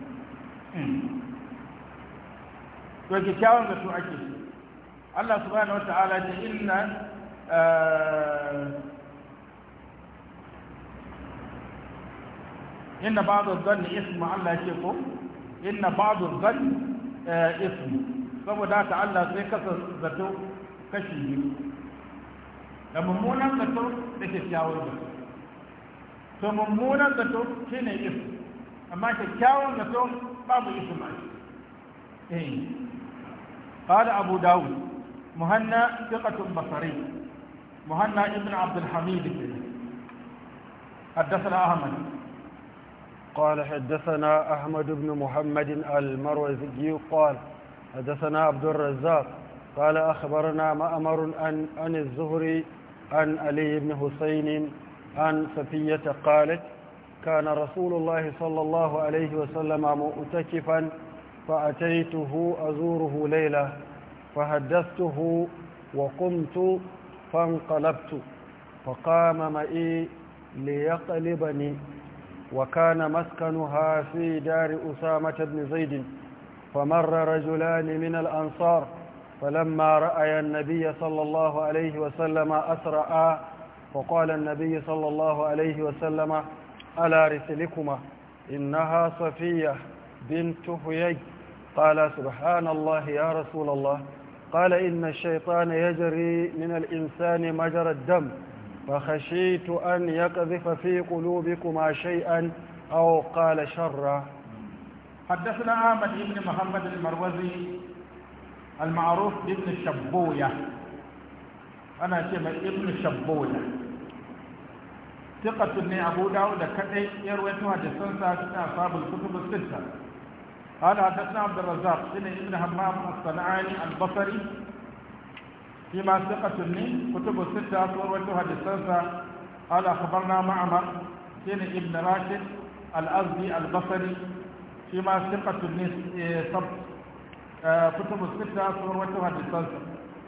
hmm. to kyakkyawan zato ake Allah subhanahu ta'ala ya inna eh, inna ba'd adh-dhanni ismu Allah ya ce ko inna ba'd adh-dhanni eh, ismu saboda ta Allah sai kasa zato kashi biyu da mummunan zato da kyakkyawan zato to mummunan zato shine isu amma kyakkyawan zato babu isu ma eh قال أبو داود مهنا ثقة بصري مهنا ابن عبد الحميد حدثنا أحمد قال حدثنا أحمد بن محمد المروزي قال حدثنا عبد الرزاق قال أخبرنا مأمر عن عن الزهري عن علي بن حسين عن صفية قالت كان رسول الله صلى الله عليه وسلم مؤتكفا فأتيته أزوره ليلة فحدثته وقمت فانقلبت فقام مئي ليقلبني وكان مسكنها في دار أسامة بن زيد فمر رجلان من الأنصار فلما رأي النبي صلى الله عليه وسلم أسرعا فقال النبي صلى الله عليه وسلم على رسلكما إنها صفية بنت هيي قال سبحان الله يا رسول الله قال إن الشيطان يجري من الإنسان مجرى الدم فخشيت أن يقذف في قلوبكما شيئا أو قال شرا حدثنا أحمد بن محمد المروزي المعروف بابن الشبوية أنا كما ابن الشبوية ثقة ابن أبو داود كأي يروي حديثا سنة أصحاب الكتب الستة قال حدثنا عبد الرزاق بن ابن همام الصنعاني البصري فيما ثقة ابن كتب الستة يروي حديثا قال أخبرنا معمر بن ابن راشد الأزدي البصري فيما ثقة ابن إيه، صبت آه، كتب الستة صور وتهدسات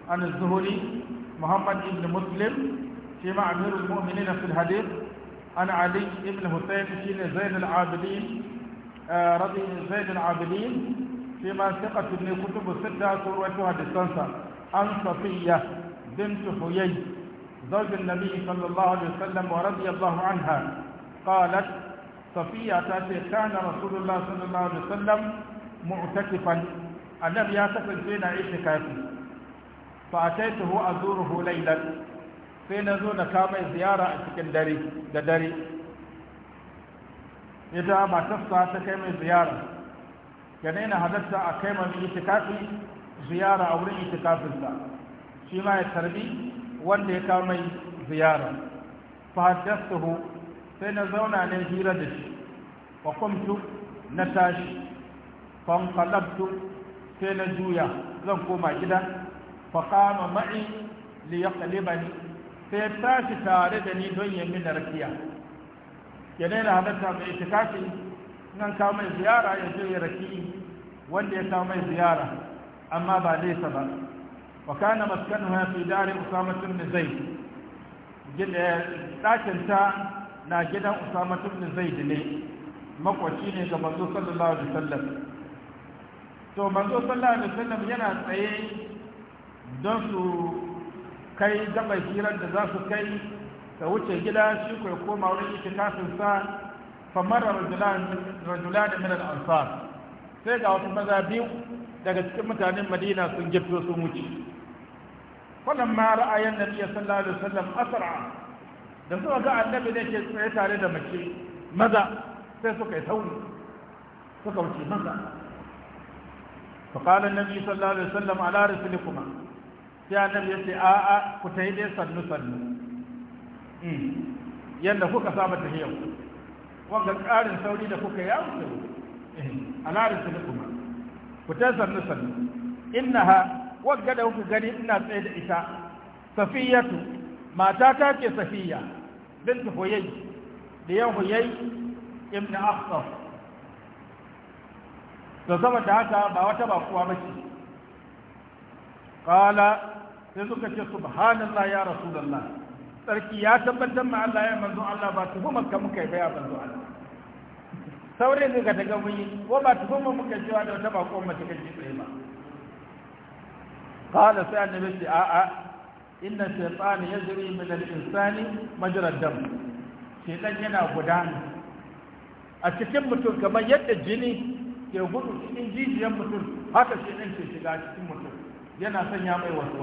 عن الزهري محمد ابن مسلم فيما أمير المؤمنين في الحديث عن علي ابن حسين في زين العابدين آه، رضي زين العابدين فيما ثقة ابن كتب الستة صور وتهدسات عن صفية بنت حيي زوج النبي صلى الله عليه وسلم ورضي الله عنها قالت safiya ta ce kana rasulullah sallallahu alaihi wasallam mu'takifan annabi ya kasance na itikafi fa hu azuruhu laylan sai na zo na kama ziyara a cikin dare da dare ita matarsa ta kai mai ziyara Ya na halatta a kai mai itikafi ziyara a wurin itikafinsa shi ma ya tarbi wanda ya kama mai ziyara fa haddathahu sai na zauna ne hira da shi wa kwamtu na tashi fanqalabtu sai na juya zan koma gida fa qama ma'i li sai tashi tare da ni don ya min rafiya yana yana halatta mai ita kafi nan ka mai ziyara ya je ya raki wanda ya kawo mai ziyara amma ba nesa ba wa kana ya fi dari da zai zaid ɗakin ta na gidan usama ibn zaid ne makwaci ne ga manzo sallallahu alaihi wasallam to manzo sallallahu alaihi wasallam yana tsaye don su kai gaba hirar da za su kai ta wuce gida shi kai koma wurin itikafin sa marar rajulan rajulan min al-ansar sai ga wasu maza biyu daga cikin mutanen Madina sun gifto sun wuce ma ra'ayin nabi sallallahu alaihi wasallam asra da suka ga annabi ne ke tsaye tare da mace maza sai suka yi tauri suka wuce maza faƙalar nabi sallallahu alaihi wasallam ala kuma. sai annabi ya ce a a ku ta yi dai sannu sannu hmm. yadda kuka saba ta yau wanga ƙarin sauri da kuka yi ya wuce eh, ala kuma ku ta sannu sannu Inna innaha wagga da kuka gani ina tsaye da ita safiyatu mata ta ke safiya بنت هيي ديان هيي ابن أخطر فزمت هكا باوتا باقوا بشي قال سيدك سبحان الله يا رسول الله sarki ya tabbatar ma Allah ya manzo Allah ba tuhumar ka yi ba ya manzo Allah saure ne ga daga mun yi ko ba tuhumar muka yi cewa da wata ba ko mace kan ji ba qala sai annabi sai a a inna shaytan yajri min al-insani majra ad-dam shaytan yana gudana a cikin mutum kamar yadda jini ke gudu cikin jijiyar mutum haka shaytan ke shiga cikin mutum yana sanya mai wasu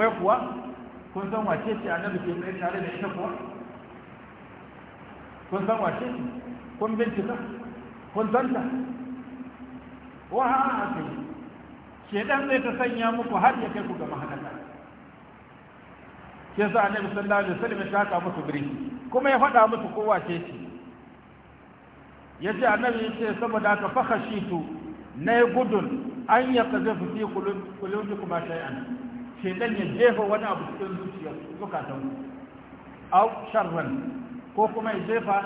wai kuwa kun san wace ce annabi ke mai tare da ita kuwa kun san wace ce kun bincika kun san ta wa haka Kedan zai ta sanya muku har ya kai ku ga mahalaka ke sa annabi sallallahu alaihi wasallam ya shaka musu biri. kuma ya faɗa musu kowa ce shi yace annabi yace saboda ka fakhashitu na gudun an ya kaza fi qulubikum shay'an dan ya jefa wani abu cikin zuciyar zukatan au sharran ko kuma ya jefa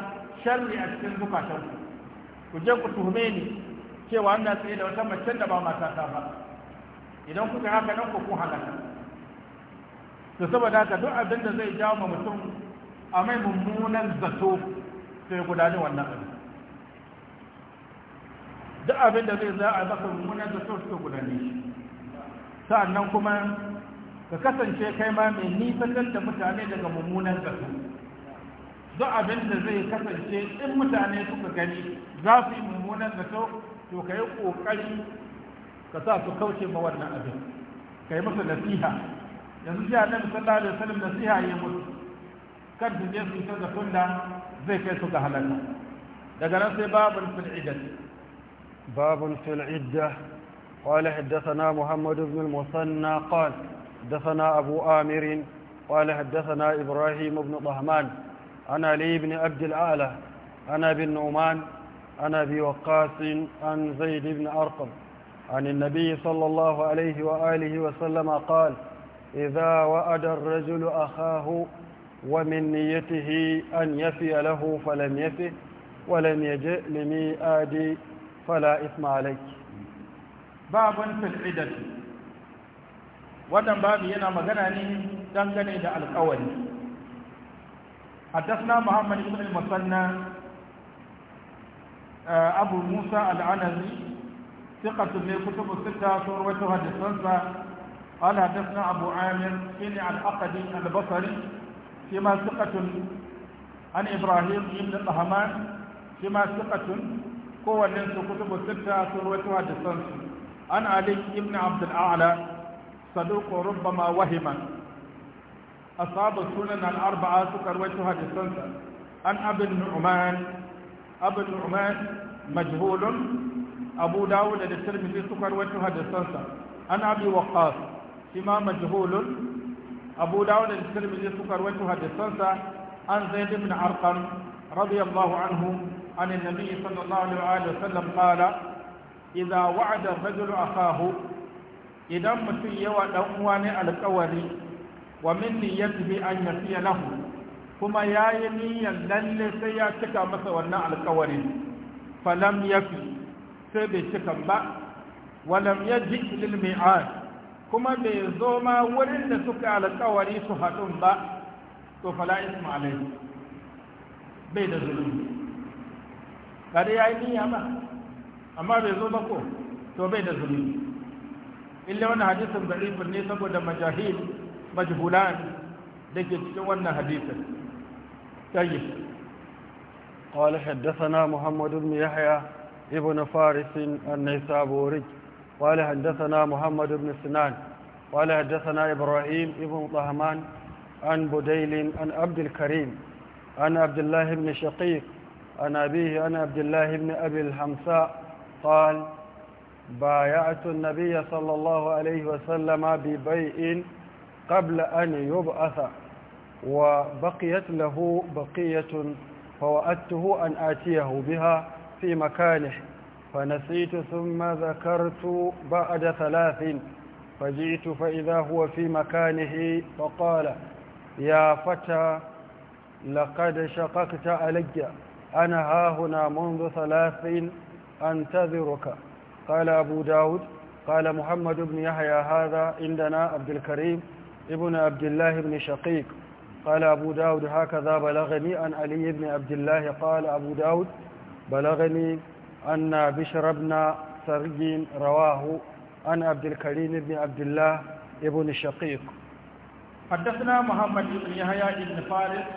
sharri a cikin zukatan ku je ku tuhume ni cewa ina tsaye da wata mace da ba ta ba idan kuka haka nan ko kun halaka to saboda haka duk abin da zai jawo ma mutum a mai mummunan zato sai gudanar wannan abin duk abin da zai za a baka mummunan zato sai gudanar shi sa'annan kuma ka kasance kai ma mai nisan da mutane daga mummunan zato duk abin da zai kasance in mutane suka gani za su yi mummunan zato to ka yi ƙoƙari ka sa su kauce ma wannan abin ka yi musu nasiha yanzu ji annabi sallallahu alaihi wasallam nasiha yi musu kan su je su ta da sunna zai kai su ga halaka daga nan sai babun fil iddah babun fil iddah قال حدثنا محمد بن المثنى قال حدثنا أبو آمر قال حدثنا إبراهيم بن طهمان عن علي بن عبد الأعلى عن أبي النعمان عن أبي وقاص عن زيد بن أرقم عن النبي صلى الله عليه وآله وسلم قال إذا وأد الرجل أخاه ومن نيته أن يفي له فلم يفه ولم يجئ آدي فلا إثم عليك باب في العدة ودن باب ينا مغناني ne dangane القول حدثنا محمد بن المثنى آه، أبو موسى العنزي ثقة من كتب الستة ثروتها حديثا قال حدثنا أبو عامر سمع الأقدي البصري فيما ثقة عن إبراهيم بن طهمان فيما ثقة قوة لنس كتب الستة ثروتها حديثا عن علي بن عبد الأعلى صدوق ربما وهم أصاب السنن الأربعة سكروتها حديثا عن أبي النعمان أبو النعمان مجهول abu dawud da tirmidhi suka rawaito hadisansa an abi waqas shima majhulun abu dawud da tirmidhi suka rawaito hadisansa an zaid ibn arqam radiyallahu anhu an annabi sallallahu alaihi wa sallam qala idza wa'ada ar-rajulu akahu idan mutum yawa dan uwa ne alƙawari wa min niyyatihi an yafiya lahu kuma ya yi niyyar lalle sai ya cika masa wannan alkawari falam ya fi sai bai cikan ba walam ya ji lil mi'ad kuma bai zo ma wurin da suka alkawari su haɗun ba to fala isma alaihi bai da zulumi kare ya yi niyya ba amma bai zo ba ko to bai da zulumi illa wannan hadisin da'ifin ne saboda majahil majhulan da ke cikin wannan hadisin tayyib قال حدثنا محمد بن يحيى ابن فارس النيسابوري قال حدثنا محمد بن سنان قال حدثنا إبراهيم ابن طهمان عن بديل عن عبد الكريم عن عبد الله بن شقيق عن أبيه عن عبد الله بن أبي الحمساء قال بايعت النبي صلى الله عليه وسلم ببيع قبل أن يبعث وبقيت له بقية فوأته أن آتيه بها في مكانه فنسيت ثم ذكرت بعد ثلاث فجئت فإذا هو في مكانه فقال يا فتى لقد شققت علي أنا هاهنا منذ ثلاث أنتظرك قال أبو داود قال محمد بن يحيى هذا عندنا عبد الكريم ابن عبد الله بن شقيق قال أبو داود هكذا بلغني عن علي بن عبد الله قال أبو داود بلغني أن بشر بن سري رواه عن عبد الكريم بن عبد الله ابن الشقيق حدثنا محمد بن يحيى بن فارس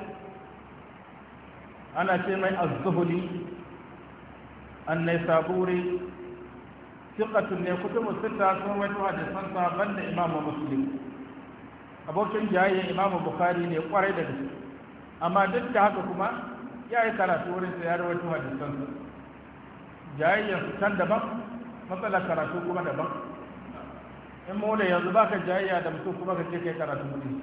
أنا سمع الزهري النيسابوري ثقة ne kutubu sita sun wato hadisan sa banda Imam Muslim abokin jayayya Imam Bukhari ne kwarai da gaske amma duk da haka kuma ya yi karatu wurin sa ya rawaito hadisan sa jayayyar su can daban matsalar karatu kuma daban in mu da yanzu baka jayayya da mutum kuma ka ce kai karatu wurin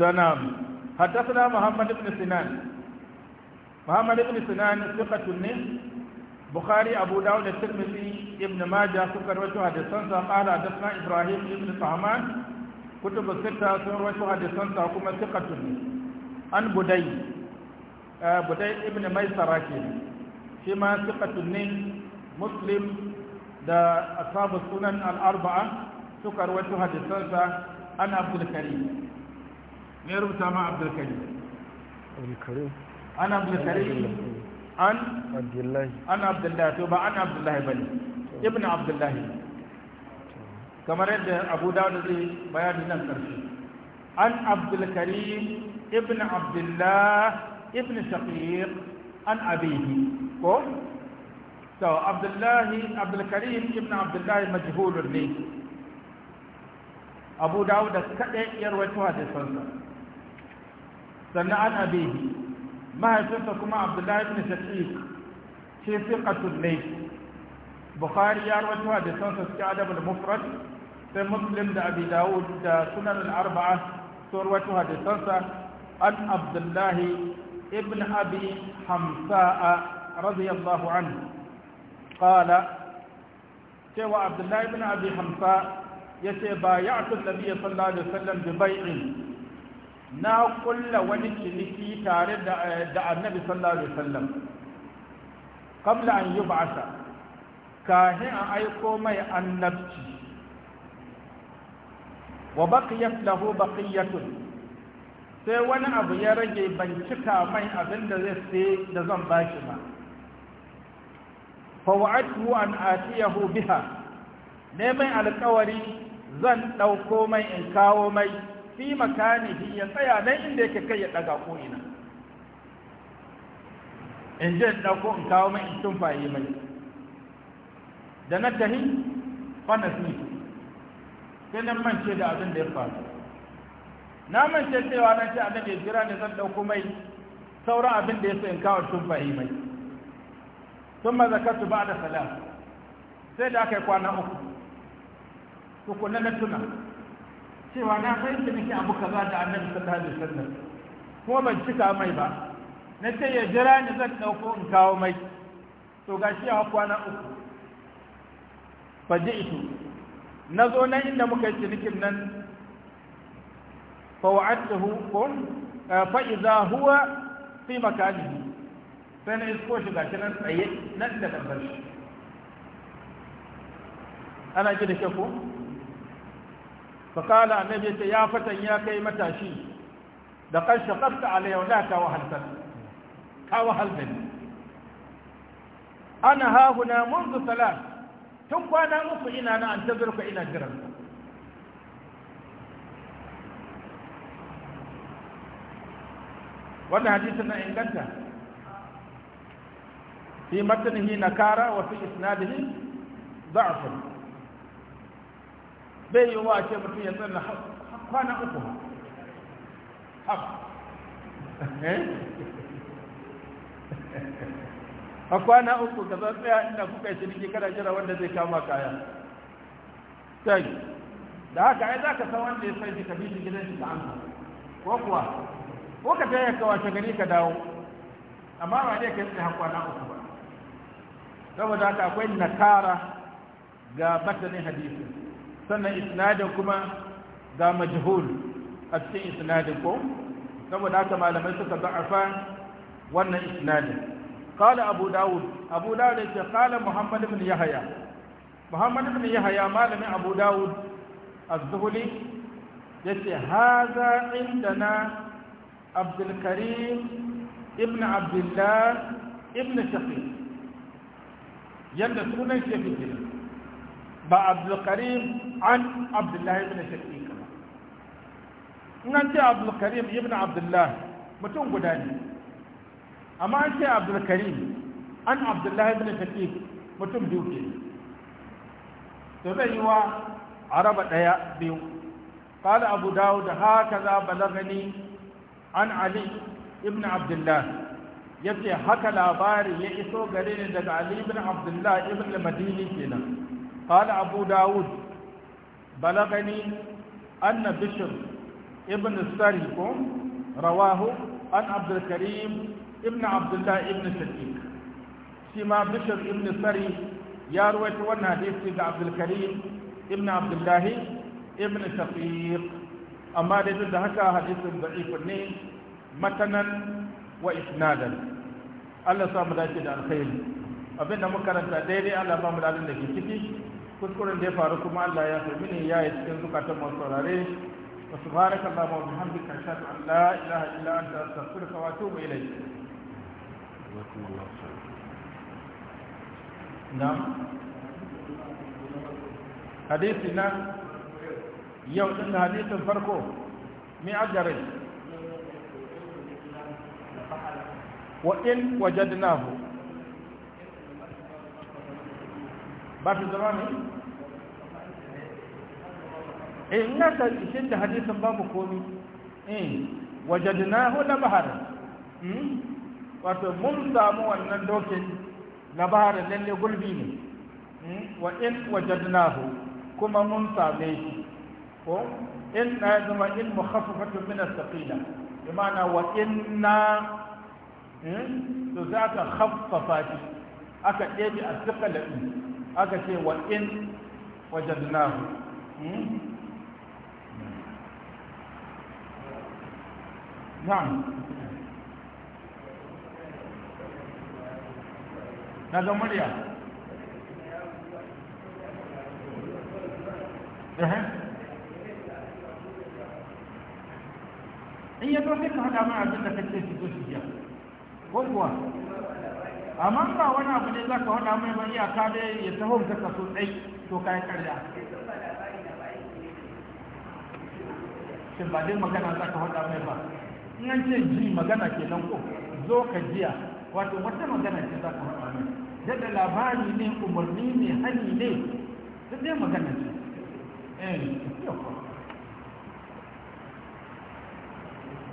تنام حدثنا محمد بن سنان محمد بن سنان ثقة بخاري أبو داود الترمذي ابن ماجه سكر وجه حدثنا قال حدثنا إبراهيم بن طهمان kutubu sita sun rawaito hadisansa kuma thiqatu ne an budai eh, budai ibn maisara ke shi ma thiqatu ne muslim da ashabu sunan al-arba'a suka rawaito hadisansa an abdul karim me rubuta ma abdul karim abdul karim an abdul karim an abdullahi an abdullahi ba an ibn abdullahi kamar yadda abu dawud zai bayani nan karshe an abdul ibn abdullah ibn shaqiq an abihi ko to abdullahi abdul karim ibn abdullahi majhulun ne abu dawud kadai yarwaito hadisansa sannan an abihi mahaifinsa kuma abdullahi ibn shaqiq shi thiqatun ne bukhari ya rawaito hadisansa cikin adabul mufrad sai muslim da abi dawud da sunan al-arba'a sun rawaito hadisansa an abdullahi ibn abi hamsa'a radiyallahu An qala cewa abdullahi ibn abi hamsa ya ce ba yace bayatu nabiyyi sallallahu alaihi wasallam bi bai'in na kulla wani ciniki tare da annabi sallallahu alaihi wasallam qabla an ba'asa. kahin an aiko mai annabci wa baqiyat lahu baqiyatun sai wani abu ya rage ban cika mai abin da zai sai da zan bashi ba fa wa'adhu an atiyahu biha ne mai alƙawari zan ɗauko mai in kawo mai fi makanihi ya tsaya nan inda yake kai ya ɗaga ko ina in je in ɗauko in kawo mai in tumfaye mai da na tahi fa nasitu sai nan mance da abin da ya faru na mance cewa na ce annabi jira ne zan dauko mai sauran abin da ya so in kawo tun fahimai sun mazakatu ba da salam sai da aka yi kwana uku tukunna na tuna cewa na fahimta nake abu kaza da annabi sallallahu alaihi wasallam kuma ban cika mai ba na ce ya jira ni zan dauko in kawo mai to gashi a kwana uku ito. na zo nan inda muka yi cinikin nan fawa'adtahu kun eh, fa'iza huwa fi makani sai na isko shi gashi nan tsaye nan da nan shi ana ji da ke ko fakala annabi ta ya fatan ya kai matashi da ƙarshe kan shaqafta alayya wala ta wahalta ka wahalta ana ha huna منذ ثلاث tun kwana uku ina na an ku ina jiran wannan hadisin na inganta fi matnihi nakara wa fi isnadihi za'afin, bai yi wa ce mutum ya tsalla kwana uku haka eh? a kwana uku ka zan tsaya inda kuka yi ciniki kada jira wanda zai kama kaya sai da haka ai za ka san wanda ya sai ka bi gidan shi ka amsa ko kuwa ko ka taya ka wace gari ka dawo amma ba ne ka yi tsaya kwana uku ba saboda haka akwai nakara ga matanin hadisi sannan isnadin kuma ga majhul a cikin isnadin ko saboda haka malamai suka za'afa wannan isnadin قال أبو داود أبو داود قال محمد بن يحيى محمد بن يحيى مالم أبو داود الزهلي يتي هذا عندنا عبد الكريم ابن عبد الله ابن شقيق يند سنن شقيق با عبد الكريم عن عبد الله ابن شقيق نانتي عبد الكريم ابن عبد الله متون غداني amma an ce abdulkarim an abdullahi bin shakif mutum biyu ke to zai yi wa araba ɗaya biyu قال أبو داود هكذا بلغني عن علي ابن عبد الله yace haka labari ya iso gare ni daga Ali ibn ibn al kenan qala Abu Dawud balagani anna Bishr ibn Sari ko rawahu an ibn abdullah ibn sadiq shi ma bishr ibn sari ya ruwaita wannan hadisi ga abdul karim ibn Abdullahi, ibn shaqiq amma dai duk da haka hadisin da'if ne matanan wa isnadan Allah sa mu dace da alkhairi abinda muka karanta daidai Allah ba mu dalilin da ke ciki kuskuren da ya faru kuma Allah ya fi mini ya yi cikin zukatan masu saurare wa subhanaka Allahumma wa bihamdika ashhadu an la ilaha illa anta astaghfiruka wa atubu ilayk na'am hadisi na yau ɗin hadisin farko mi ajarai wa in wajadnahu ba fi zama ne eh, in ya tarishin da hadisin babu komi in eh, wajadnahu na bahar hmm? wato mun samu wannan dokin na lalle gulbi ne hmm? wa in wajadnahu kuma mun same shi ko in na zama in mukhaffafatun min as-saqila bi ma'ana wa inna hmm? to za ka khaffafa shi aka ɗebe a sikalin aka ce wa in wajadnahu hmm? na'am na ga murya in ya zo sai ka haɗa mana abin da kake su zo su biya ko kuwa amma ba wani abu ne za ka haɗa mai ba iyaka dai ya taho ka kaso ɗai to ka yi karya shi ba dai magana za ka haɗa mai ba in an ce ji magana ke nan ko zo ka jiya wato wata magana ce za ka haɗa mai jaddada labari ne umarni ne hani ne duk dai magana ce eh